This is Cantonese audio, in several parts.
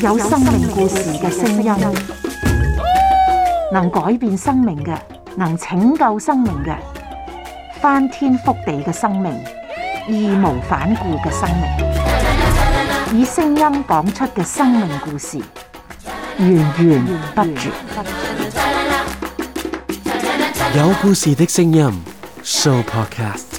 有生命故事嘅聲音，能改變生命嘅，能拯救生命嘅，翻天覆地嘅生命，義無反顧嘅生命，以聲音講出嘅生命故事，源源不絕。有故事嘅聲音，Show Podcast。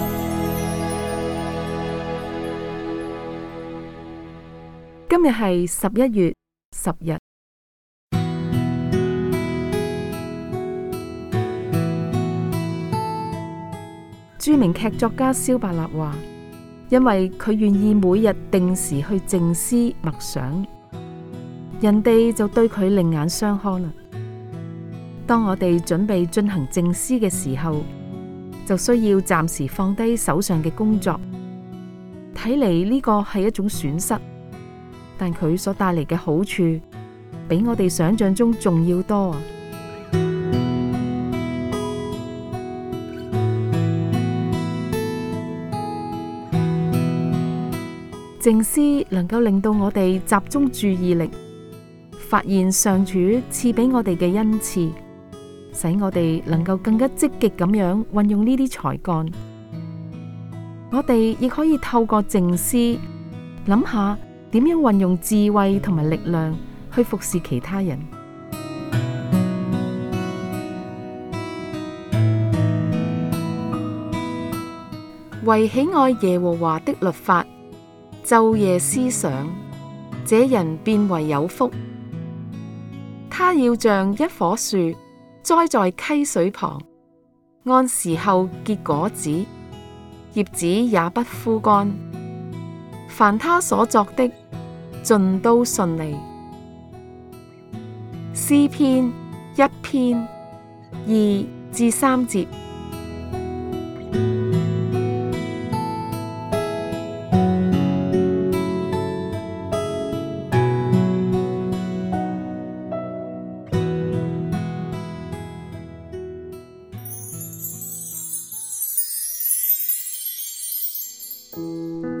今日係十一月十日。著名劇作家蕭伯納話，因為佢願意每日定時去靜思默想，人哋就對佢另眼相看啦。當我哋準備進行靜思嘅時候，就需要暫時放低手上嘅工作，睇嚟呢個係一種損失。但佢所帶嚟嘅好處，比我哋想象中重要多啊！靜思能夠令到我哋集中注意力，發現上主賜俾我哋嘅恩賜，使我哋能夠更加積極咁樣運用呢啲才幹。我哋亦可以透過靜思諗下。點樣運用智慧同埋力量去服侍其他人？ 為喜愛耶和華的律法，晝夜思想，這人變為有福。他要像一棵樹栽在溪水旁，按時候結果子，葉子也不枯乾。凡他所作的，盡都順利。詩篇一篇二至三節。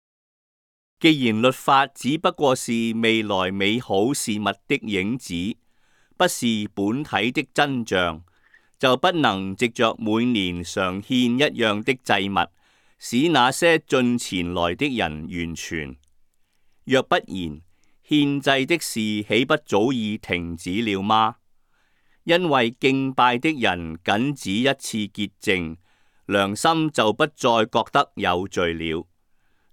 既然律法只不過是未來美好事物的影子，不是本體的真相，就不能藉着每年常獻一樣的祭物，使那些進前來的人完全。若不然，獻祭的事豈不早已停止了嗎？因為敬拜的人僅止一次潔淨，良心就不再覺得有罪了。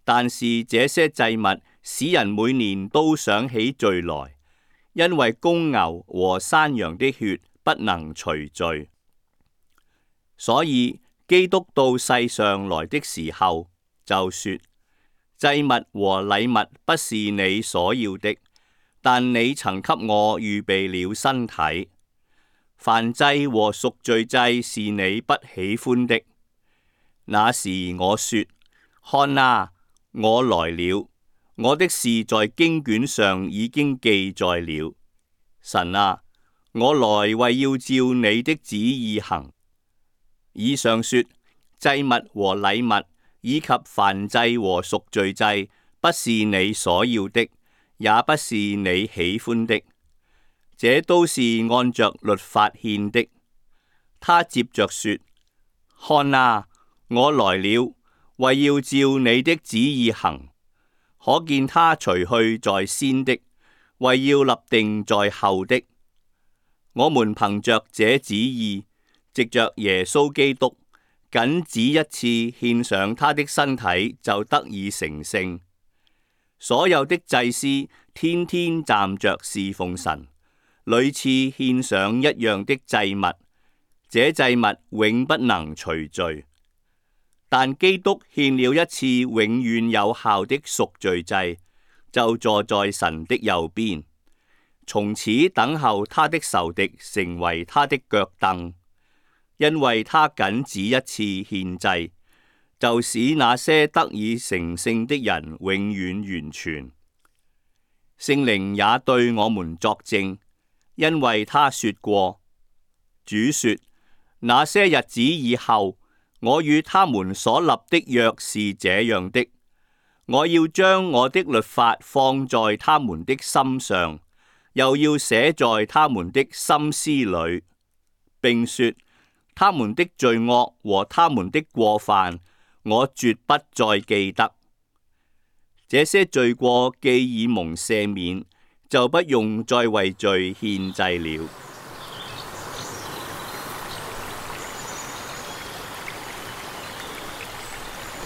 但是這些祭物使人每年都想起罪來，因為公牛和山羊的血不能除罪，所以基督到世上來的時候就說：祭物和禮物不是你所要的，但你曾給我預備了身體。燔祭和贖罪祭是你不喜歡的，那時我說：看啊！我來了，我的事在經卷上已經記載了。神啊，我來為要照你的旨意行。以上說，祭物和禮物，以及燔祭和贖罪祭，不是你所要的，也不是你喜歡的。這都是按着律法獻的。他接着說：看啊，我來了。為要照你的旨意行，可見他除去在先的，為要立定在後的。我們憑着這旨意，藉着耶穌基督，僅只一次獻上他的身體，就得以成聖。所有的祭司天天站着侍奉神，屢次獻上一樣的祭物，這祭物永不能除罪。但基督獻了一次永遠有效的贖罪祭，就坐在神的右邊，從此等候他的仇敵成為他的腳凳。因為他僅只一次獻祭，就使那些得以成聖的人永遠完全。聖靈也對我們作證，因為他說過：主說那些日子以後。我與他們所立的約是這樣的：我要將我的律法放在他們的心上，又要寫在他們的心思裏，並說：他們的罪惡和他們的過犯，我絕不再記得。這些罪過既已蒙赦免，就不用再為罪獻祭了。